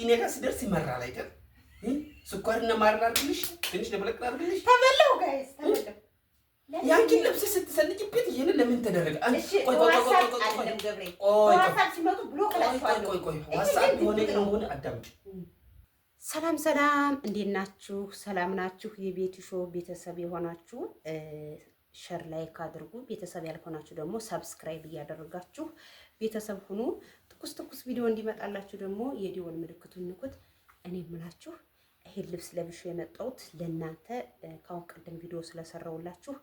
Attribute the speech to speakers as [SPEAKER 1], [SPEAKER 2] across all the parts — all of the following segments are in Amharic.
[SPEAKER 1] እኔ ጋር ስደርስ ይመራል አይደል? ስኳርና ማር ላድርግልሽ፣ ትንሽ ለብለቅ ላድርግልሽ።
[SPEAKER 2] ተበላው ጋይስ ተበላው።
[SPEAKER 1] ያንቺን ልብስ ስትሰልጭበት ይሄንን ለምን ተደረገ?
[SPEAKER 2] ሰላም ሰላም፣ እንዴት ናችሁ? ሰላም ናችሁ? የቤት ሾው ቤተሰብ የሆናችሁ ሸር ላይክ አድርጉ። ቤተሰብ ያልሆናችሁ ደግሞ ሰብስክራይብ እያደረጋችሁ ቤተሰብ ሁኑ። ትኩስ ትኩስ ቪዲዮ እንዲመጣላችሁ ደግሞ የዲወል ምልክቱን ንኩት። እኔ የምላችሁ ይሄን ልብስ ለብሼ የመጣሁት ለእናንተ ካሁን ቀደም ቪዲዮ ስለሰራውላችሁ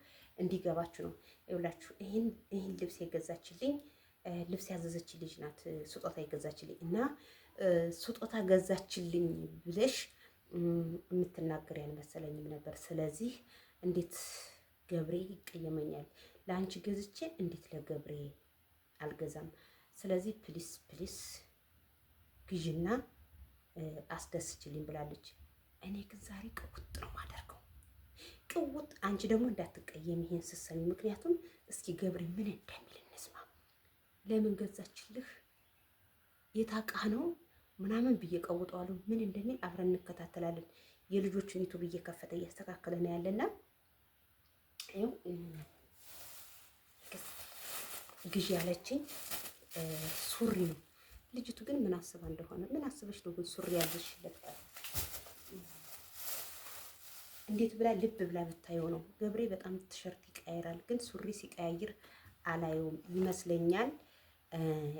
[SPEAKER 2] እንዲገባችሁ ነው። ይኸውላችሁ ይህን ይህን ልብስ የገዛችልኝ ልብስ ያዘዘችልኝ ልጅ ናት። ስጦታ የገዛችልኝ እና ስጦታ ገዛችልኝ ብለሽ የምትናገር ያልመሰለኝም ነበር። ስለዚህ እንዴት ገብሬ ይቀየመኛል? ለአንቺ ገዝቼ እንዴት ለገብሬ አልገዛም? ስለዚህ ፕሊስ ፕሊስ ግዥና አስደስችልኝ ብላለች። እኔ ግን ዛሬ ቅውጥ ነው ማደርገው፣ ቅውጥ። አንቺ ደግሞ እንዳትቀየም ይሄን ስትሰሚ፣ ምክንያቱም እስኪ ገብሪ ምን እንደሚል እንስማ። ለምን ገዛችልህ የታቃ ነው ምናምን ብዬ ቀውጠዋለሁ። ምን እንደሚል አብረን እንከታተላለን። የልጆቹን ዩቱብ እየከፈተ እያስተካከለ ነው ያለና ግዢ ያለችኝ ሱሪ ነው። ልጅቱ ግን ምን አስባ እንደሆነ ምን አስበሽ ነው ግን ሱሪ ያልሽለት? እንዴት ብላ ልብ ብላ ብታየው ነው። ገብሬ በጣም ቲሸርት ይቀያይራል፣ ግን ሱሪ ሲቀያይር አላየውም ይመስለኛል።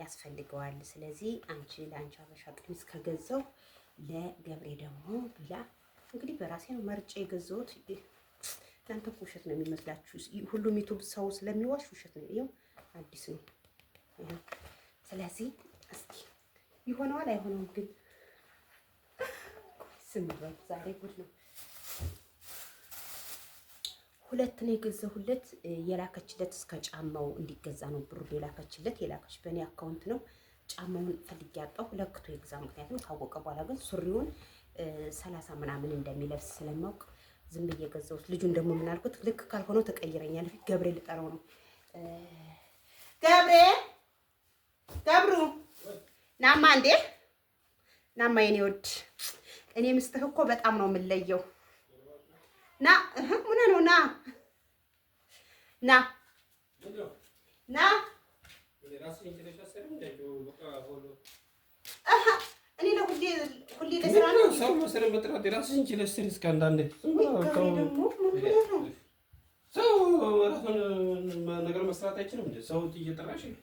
[SPEAKER 2] ያስፈልገዋል። ስለዚህ አንቺ ለአንቺ አበሻ ቀሚስ ከገዛው ለገብሬ ደግሞ ብላ እንግዲህ በራሴ ነው መርጬ የገዛሁት። እናንተ ውሸት ነው የሚመስላችሁ ሁሉም ዩቱብ ሰው ስለሚዋሽ ውሸት ነው። ይኸው አዲስ ነው። ስለዚህ እስኪ ይሆነዋል አይሆነውም። ግን ስም ዛሬ ጉድ ነው። ሁለት ነው የገዛሁለት። የላከችለት እስከ ጫማው እንዲገዛ ነው ብሩ የላከችለት። የላከች በእኔ አካውንት ነው። ጫማውን ፈልጌ ያጣሁ ለክቶ የግዛ። ምክንያቱም ካወቀ በኋላ ግን ሱሪውን ሰላሳ ምናምን እንደሚለብስ ስለማውቅ ዝም ብዬ ገዛሁት። ልጁን ደግሞ ልክ ካልሆነው ተቀይረኛል። ገብሬ ልጠራው ነው ገብሬ ገብሩ ናማ እንዴ ናማ የኔ ወድ እኔ ምስትህ እኮ በጣም ነው የምለየው። ና ምን ነው ና ና ና
[SPEAKER 1] ሰው ነገር መስራት አይችልም። ሰው እየጠራሽ ነው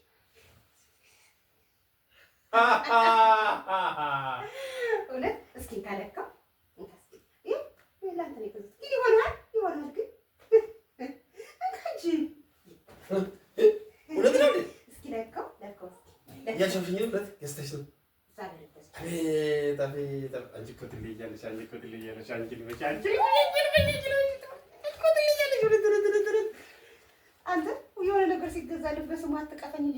[SPEAKER 2] እውነት እስኪ ታለካ ይሆናል ይሆናል አንተ የሆነ ነገር ሲገዛልበት ስሙ አትቀፈኝ እንጂ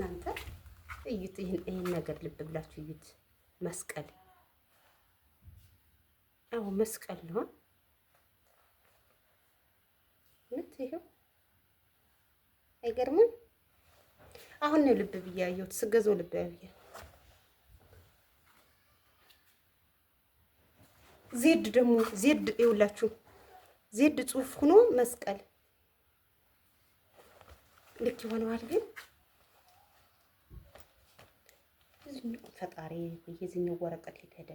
[SPEAKER 2] እናንተ እዩት፣ ይህን ነገር ልብ ብላችሁ እዩት። መስቀል አዎ፣ መስቀል ነው። ምት ይሄው አይገርምም? አሁን ነው ልብ ብዬ አየሁት። ስገዘው ልብ ብዬ ዜድ ደግሞ ዜድ ይውላችሁ ዜድ ጽሑፍ ሆኖ መስቀል ልክ ይሆነዋል ግን ፈጣሪ የዚህኛው ወረቀት የት ሄደ?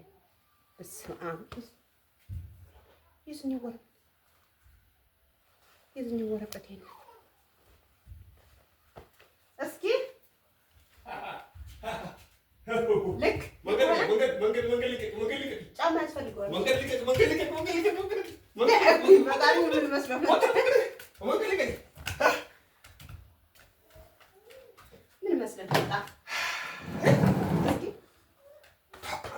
[SPEAKER 2] በስመ አብ የዚህኛው ወረቀት የዚህኛው ወረቀት ሄደ? እስኪ ልክ ጫማ ያስፈልገዋል። ፈጣሪ ምን ምን መስለን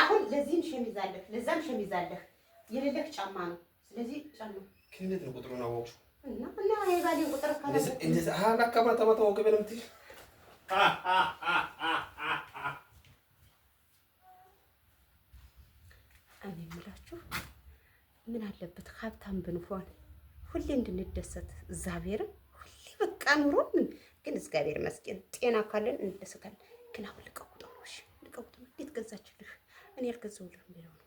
[SPEAKER 2] አሁን ለዚህም ሸሚዝ አለህ፣ ለዛም ሸሚዝ አለህ፣ የሌለህ ጫማ ነው። ስለዚህ ጫማ
[SPEAKER 1] ከእንዴት ነው ቁጥሩን አወቅሽው?
[SPEAKER 2] እና እኔ የምላችሁ ምን አለበት ሀብታም ብንሆን ሁሌ እንድንደሰት እግዚአብሔርን ሁሌ በቃ ኑሮ ምን ግን እግዚአብሔር ይመስገን ጤና ካለን እንደስታለን። ግን አሁን ልቀውጠው ነው። እሺ ልቀውጠው። እንዴት ገዛችልሽ? እኔ አልገዛሁልሽም ብለው ነው።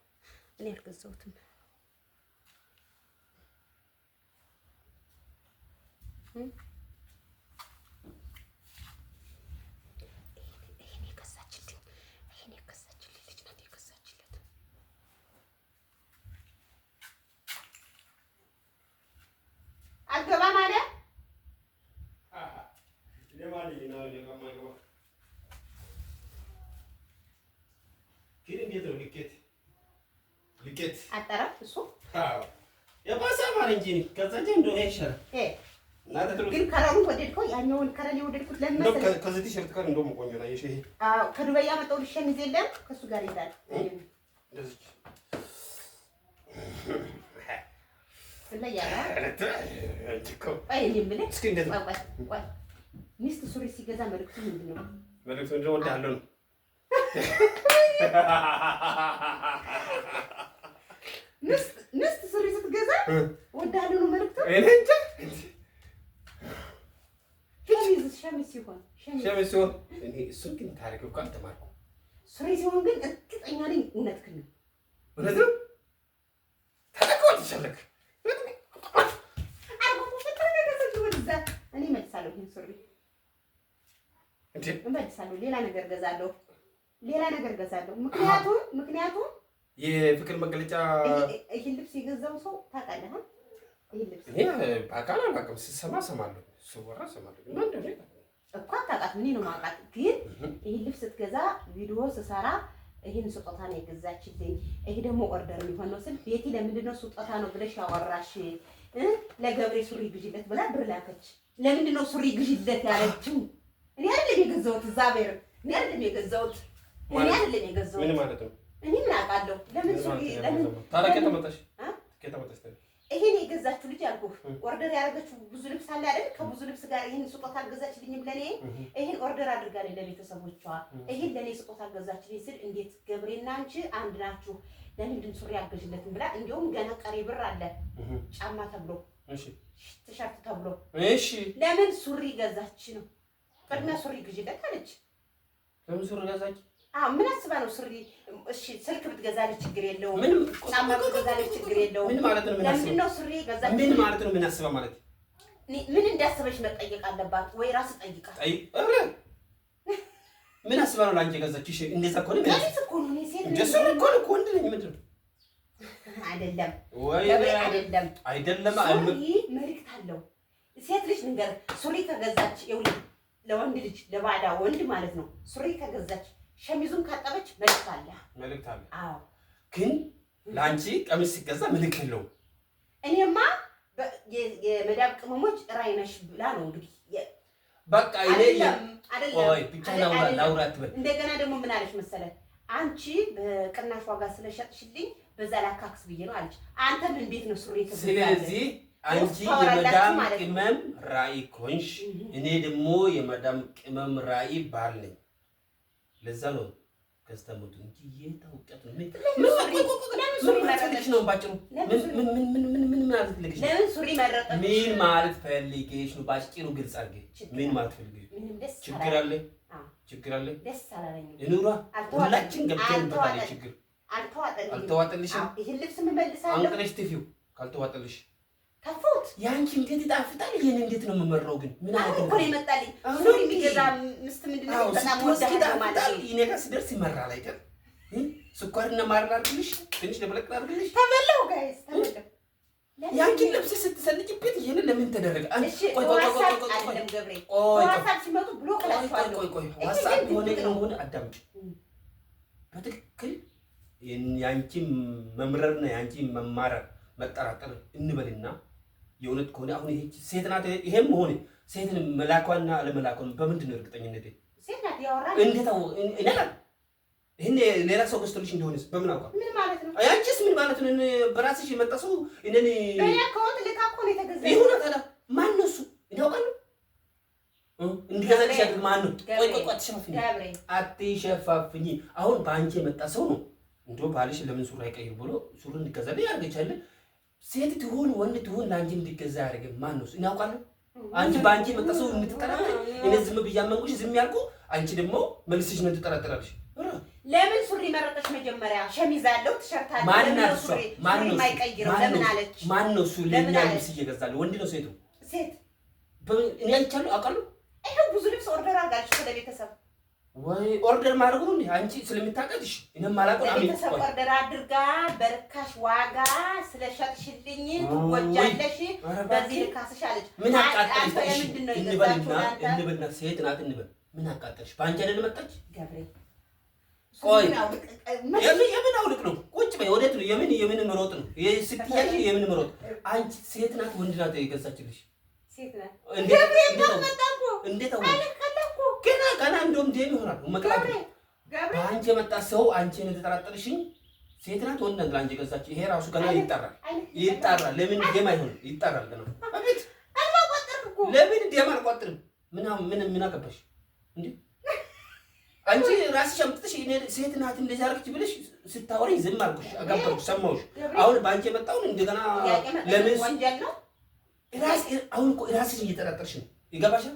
[SPEAKER 2] እኔ አልገዛሁትም። እህ
[SPEAKER 1] ግን እንዴት ነው ልኬት ልኬት አጠራፍ እሱ የባሰ ማር እንጂ ከዛ እንጂ እንደው ይሻላል።
[SPEAKER 2] ግን ከለሩ ወደድከው? ያኛውን ከለር የወደድኩት ለምን
[SPEAKER 1] መሰለህ? ከዚህ ቲሸርት ጋር እንደውም ቆንጆ ነው። ይሄ
[SPEAKER 2] አዎ ከዱባይ ያመጣው ሸሚዝ የለም ከእሱ ጋር ይሄዳል። እንደዚህ ሚስት ሱሪ ሲገዛ መልዕክቱ ምንድን ነው?
[SPEAKER 1] መልዕክቱ እንደው ወዳለው ነው
[SPEAKER 2] ንስት ሱሪ ስትገዛ ወዳለሁ ነው መልዕክቱ። እኔ እንጃ ሸሚዝ ሲሆን
[SPEAKER 1] ሸሚዝ ግን ታሪክ እኮ አልተማርኩም።
[SPEAKER 2] ሱሪ ሲሆን ግን እርግጠኛ ነኝ እውነትህን ነው።
[SPEAKER 1] እውነት ነው። ተለቀወልሻለክ
[SPEAKER 2] እኔ እመልሳለሁ። ይህን ሱሪ እመልሳለሁ። ሌላ ነገር ገዛለሁ ሌላ ነገር ገዛለሁ። ምክንያቱም ምክንያቱም
[SPEAKER 1] የፍቅር መገለጫ
[SPEAKER 2] ይህ ልብስ የገዛው ሰው ታውቃለህ?
[SPEAKER 1] እኔ በአካል አላውቅም፣ ስሰማ እሰማለሁ፣ ስወራ እሰማለሁ እኮ
[SPEAKER 2] አታውቃት። ምን ነው የማውቃት ግን ይህ ልብስ ስትገዛ ቪዲዮ ስሰራ ይህን ስጦታ ነው የገዛችልኝ፣ ይህ ደግሞ ኦርደር የሚሆን ነው ስል ቤቲ ለምንድነው ስጦታ ነው ብለሽ ያወራሽ? ለገብሬ ሱሪ ግዢለት ብላ ብር ላከች። ለምንድን ሱሪ ግዢለት ያለችው? እኔ አይደለም የገዛሁት፣ እግዚአብሔር እኔ አይደለም የገዛሁት ምን ማለት ነው? እኔ ምን አውቃለሁ? ለምን
[SPEAKER 1] ለምን ታረቀ ተመጣሽ ከተመጣሽ
[SPEAKER 2] ይሄን የገዛችሁ ልጅ አልኩህ፣ ኦርደር ያደረገችው ብዙ ልብስ አለ አይደል? ከብዙ ልብስ ጋር ይሄን ስጦታ አልገዛችልኝም ለኔ። ይሄን ኦርደር አድርጋለች ለቤተሰቦቿ። ይሄን ለኔ ስጦታ አልገዛችልኝ ስል እንዴት ገብሬና አንቺ አንድ ናችሁ፣ ለምንድን ሱሪ አልገዥለትም ብላ እንዲያውም ገና ቀሪ ብር አለ ጫማ ተብሎ ቲሸርት ተብሎ ለምን ሱሪ ገዛች ነው። ቅድሚያ ሱሪ ግዢለት አለች።
[SPEAKER 1] ለምን ሱሪ ገዛች?
[SPEAKER 2] ምን አስባ ነው ስሪ? እሺ ስልክ ብትገዛልኝ ችግር የለውም። ጫማ ብትገዛልኝ ችግር የለውም። ለምንድን ነው ስሪ ገዛልኝ?
[SPEAKER 1] ምን ማለት ነው? ምን አስባ ማለት
[SPEAKER 2] ምን እንዳሰበች መጠየቅ አለባት ወይ ራስህ ጠይቃት።
[SPEAKER 1] ምን አስባ ነው ለአንቺ የገዛችሽ? እንደዛ ከሆነ ወንድ ነኝ ምንድን ነው?
[SPEAKER 2] አይደለም አይደለም አይደለም። መልዕክት አለው። ሴት ልጅ ንገር ሱሪ ከገዛች ለወንድ ልጅ ለባዳ ወንድ ማለት ነው ሱሪ ከገዛች ሸሚዙን ካጠበች መልዕክት አለ መልዕክት አለ። አዎ
[SPEAKER 1] ግን ለአንቺ ቀሚስ ሲገዛ መልዕክት የለውም።
[SPEAKER 2] እኔማ የመዳብ ቅመሞች ራዕይ ነሽ ብላ ነው እንግዲህ
[SPEAKER 1] በቃ እኔ ብቻ
[SPEAKER 2] እንደገና ደግሞ ምን አለች መሰለህ አንቺ በቅናሽ ዋጋ ስለሸጥሽልኝ በዛ ላካክስ ብዬ ነው አለች። አንተ ምን ቤት ነው ሱሪ
[SPEAKER 1] ስለዚህ አንቺ የመዳም ቅመም ራዕይ ኮንሽ፣ እኔ ደግሞ የመዳም ቅመም ራዕይ ባል ነኝ። ለዛ ነው ከስተሞቱ እንጂ የታ እውቀት ነው። ምን ማለት ፈልጌሽ ነው? ባጭሩ ግልጽ አድርጌ ምን ማለት ፈልጌሽ? ችግር አለ ችግር አለ እኑራ ሁላችን ገብተንበታል። ችግር አልተዋጠልሽም።
[SPEAKER 2] ይህን ልብስ ምን መልሳለሁ
[SPEAKER 1] አንቅለሽ ትፊው ካልተዋጠልሽ ተፋሁት። ያንቺ እንዴት ይጣፍጣል! ይሄን እንዴት ነው የምመራው? ግን ምን
[SPEAKER 2] አለ እኮ ነው የመጣልኝ። ሱሪ የሚገዛ ምስት ምንድነው?
[SPEAKER 1] በጣም ወዳለሁ ማለት እኔ ጋር ስደርስ ይመራል አይደል? ስኳርና ማር ላድርግልሽ፣ ትንሽ ለብለቅ ላድርግልሽ።
[SPEAKER 2] ተበላው ጋይስ ተበላው።
[SPEAKER 1] ያንቺን ልብስ ስትሰልጭበት ይሄንን ለምን ተደረገ?
[SPEAKER 2] እሺ ቆይ ቆይ ቆይ ቆይ ቆይ ቆይ ቆይ
[SPEAKER 1] የሆነ ሆነ አዳምጪ በትክክል የአንቺን መምረርና የአንቺን መማረር መጠራጠር እንበልና የእውነት ከሆነ አሁን ይሄች ሴት ናት። ይሄም ሆነ ሴትን መላኳና አለመላኳን በምንድን ነው እርግጠኝነት? ሴት ናት ሌላ ሰው ገዝቶልሽ እንደሆነስ በምን አውቃ? አንቺስ ምን ማለት ነው? በራስሽ የመጣ ሰው እኔን ይሁን ታዲያ ማን ነው እሱ? እንዲገዛልሽ ያድርግ። ማን ነው? ቆይ ቆይ፣ አትሸፋፍኝ፣ አትሸፋፍኝ። አሁን በአንቺ የመጣ ሰው ነው። እንደው ባልሽ ለምን ሱሪ አይቀይር ብሎ ሱሪ እንዲገዛልሽ ያደርገቻለህ ሴት ትሁን ወንድ ትሁን ለአንቺ እንዲገዛ ያደርግም ማን ነው? እናውቃለን። አንቺ በአንቺ የመጣ ሰው የምትጠራጠሪ እኔ ዝም ብያመንኩሽ ዝም ያልኩ አንቺ ደግሞ መልስሽ ነው ትጠራጠራለሽ።
[SPEAKER 2] ለምን ሱሪ መረጠች? መጀመሪያ ሸሚዝ አለው ቲሸርት
[SPEAKER 1] አለው። ማን ነው ሱሪ
[SPEAKER 2] የማይቀይረው? ለምን አለች?
[SPEAKER 1] ማን ነው ሱሪ ለኛ ልብስ እየገዛለሁ? ወንድ ነው ሴቱ? ሴት እኔ አይቻለሁ አውቃለሁ።
[SPEAKER 2] ይሄው ብዙ ልብስ ኦርደር አድርጋለች ከቤተሰብ
[SPEAKER 1] ወይ ኦርደር ማድረጉ ነው እንዴ? አንቺ ስለምታቀድሽ እኔ ማላቆ
[SPEAKER 2] ቤተሰብ ኦርደር አድርጋ በርካሽ ዋጋ ስለሸጥሽልኝ ትወጃለሽ። በዚህ ልካስሽ አለች።
[SPEAKER 1] ምን አቃጠልሽ? እንበልና እንበልና ሴት ናት እንበል። ምን አቃጠልሽ? በአንቺ አይደል መጣች። ቆይ የምን አውልቅ ነው? ቁጭ በይ። ወዴት ነው? የምን የምን ምሮጥ ነው? ስትያሽ የምን ምሮጥ? አንቺ ሴት ናት ወንድ ናት የገዛችልሽ?
[SPEAKER 2] ሴት ናት። እንዴት
[SPEAKER 1] እንዴት ቀና እንደውም ደም ይሆናል። መቅላት በአንቺ የመጣ ሰው አንቺን የተጠራጠርሽኝ ሴት ናት ወንድ ናት? ላንቺ ገዛች። ይሄ ራሱ ገና ይጠራል ይጠራል። ለምን ደም አይሆንም? ይጠራል ገና አቤት። ለምን አልቆጥርም? ምን ምን ምን አገባሽ እንዴ? አንቺ ራስሽ አምጥተሽ እኔ ሴት ናት እንደዚህ ብለሽ ስታወሪኝ ዝም አልኩሽ፣ አገባሁሽ፣ ሰማሁሽ። አሁን በአንቺ የመጣውን እንደገና ለምን ራስ አሁን እኮ ራስሽ እየጠራጠርሽ ነው። ይገባሻል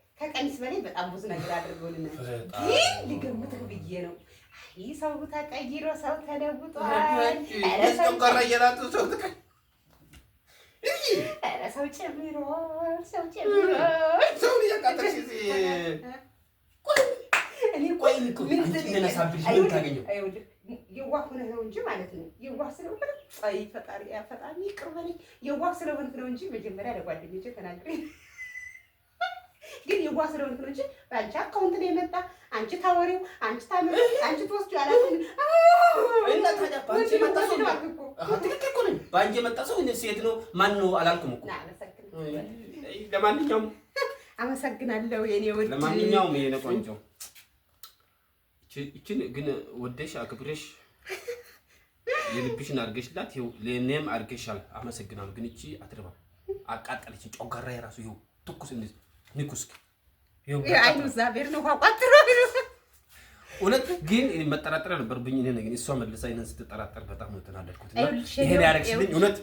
[SPEAKER 2] ከቀሚስ በላይ በጣም ብዙ ነገር አድርገውልናል። ግን ሊገምትህ ብዬ ነው። ይህ ሰው ቀይሮ ሰው ተለውጧል።
[SPEAKER 1] ኧረ
[SPEAKER 2] ሰው ጨምሮ ሰው ጨምሮ የዋህ ሆነህ ነው እንጂ ማለት ነው። የዋህ ስለሆነ ፈጣሪ ፈጣሪ ይቅር በለኝ። የዋህ ስለሆንክ ነው እንጂ መጀመሪያ ለጓደኞቼ ተናግሬ ግን የጓ ስለሆንክ ነው እንጂ በአንቺ አካውንት ነው የመጣ። አንቺ ታወሪው፣ አንቺ ታምሪ፣ አንቺ ትወስጂ አላውቅም።
[SPEAKER 1] እና ታዲያ ባንቺ የመጣ ሰው ትክክል ሴት ነው ማን ነው አላልኩም እኮ። ለማንኛውም
[SPEAKER 2] አመሰግናለሁ የኔ ውድ።
[SPEAKER 1] ለማንኛውም የኔ ቆንጆ ይችን ግን ወደሽ አክብረሽ የልብሽን አድርገሽላት ይኸው ለእኔም አድርገሻል። አመሰግናለሁ። ግን እቺ አትረባም፣ አቃጠለች ጮጋራ የራሱ ይኸው ትኩስ እንደዚህ ንቁስኪ
[SPEAKER 2] አይኑ እግዚአብሔር ነው ቋቋጥሮ
[SPEAKER 1] እውነት ግን መጠራጠሪያ ነበርብኝ። እኔ ግን እሷ መልሳ ይህንን ስትጠራጠር በጣም ነው ይሄን ያደረግሽልኝ እውነት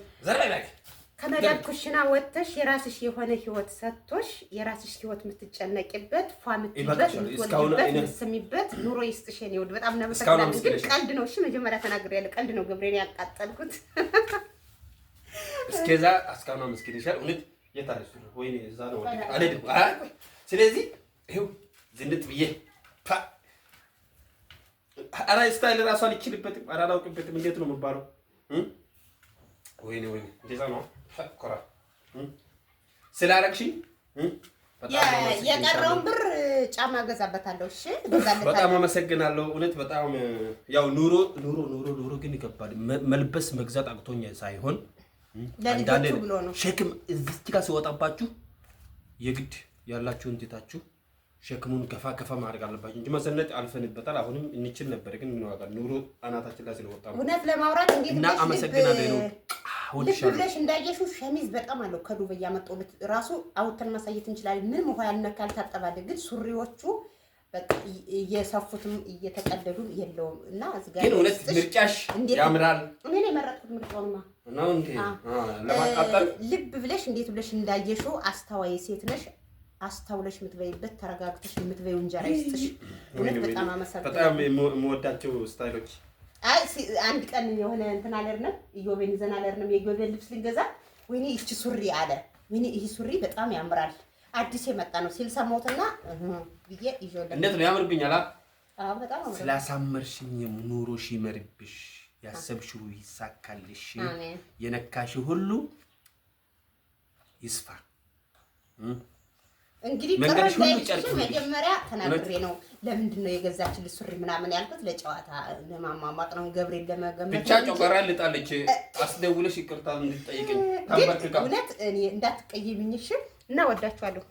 [SPEAKER 2] ከመዳብ ኩሽና ወጥተሽ የራስሽ የሆነ ህይወት ሰጥቶሽ የራስሽ ህይወት የምትጨነቂበት ፏ
[SPEAKER 1] የምትይበት
[SPEAKER 2] ኑሮ ይስጥሽ። እኔ ውድ በጣም ነበር ግን ቀልድ ነው። እሺ መጀመሪያ ተናግሬያለሁ። ቀልድ ነው። ያቃጠልኩት
[SPEAKER 1] እስከዛ እስካሁን አመስግንሻል እውነት የታለች? ወይ እዛ ነው። ስለዚህ ይኸው ዝንጥ ብዬ ኧረ ስታይል እራሱ አልችልበትም፣ ኧረ አላውቅበትም። እንዴት ነው የምባለው? ወይኔ ወይኔ፣ እንደዛ ነው። ኮራ
[SPEAKER 2] የቀረውን ብር ጫማ እሺ
[SPEAKER 1] በጣም አመሰግናለሁ። እውነት በጣም ያው ኑሮ ኑሮ ኑሮ ኑሮ ግን መልበስ መግዛት አቅቶኛ ሳይሆን ሸክም እዚች ጋር ሲወጣባችሁ የግድ ያላችሁን ትታችሁ ሸክሙን ገፋ ገፋ ማድረግ አለባችሁ እንጂ መሰነት አልፈንበታል። አሁንም እንችል ነበር፣ ግን ምን ዋጋ ኑሮ አናታችን ላይ ስለወጣ
[SPEAKER 2] እውነት ለማውራት እንዴት
[SPEAKER 1] እና አመሰግናለሁ።
[SPEAKER 2] ልብ ብለሽ እንዳየሽው ሸሚዝ በጣም አለው ከዱባይ ያመጣሁት ራሱ አውተን ማሳየት እንችላለን። ምንም ውሃ ያልነካ አልታጠባለ፣ ግን ሱሪዎቹ እየሰፉትም እየተቀደዱም የለውም እና እዚህ
[SPEAKER 1] ግን እውነት ምርጫሽ ያምራል።
[SPEAKER 2] እኔ የመረጥኩት ምርጫውማ ልብ ብለሽ እንዴት ብለሽ እንዳየሽው አስተዋይ ሴት ነሽ። አስታውለሽ የምትበይበት ተረጋግተሽ የምትበዩ እንጀራ ይስጥሽ። በጣም አመሰግናለሁ።
[SPEAKER 1] በጣም የምወዳቸው ስታይሎች።
[SPEAKER 2] አንድ ቀን የሆነ እንትን አልሄድንም፣ ኢዮቤን ይዘን አልሄድንም። የኢዮቤን ልብስ ልንገዛ ወይኔ ይቺ ሱሪ አለ፣ ወይኔ ይህ ሱሪ በጣም ያምራል፣ አዲስ የመጣ ነው ሲል ሰማሁትና ብዬ ይዤው
[SPEAKER 1] እንዴት ነው ያምርብኛል። በጣም ስላሳመርሽኝ ኑሮሽ ይመርብሽ ያሰብሽው ይሳካልሽ፣ የነካሽ ሁሉ ይስፋ።
[SPEAKER 2] እንግዲህ ቅርብ ላይ መጀመሪያ ተናግሬ ነው። ለምንድን ነው ሱሪ ምናምን ያልኩት? ለጨዋታ ለማሟሟቅ ነው፣ ገብሬን ለመገመት
[SPEAKER 1] ብቻ። ልጣለች። አስደውለሽ ይቅርታ እውነት
[SPEAKER 2] እና ወዳችኋለሁ።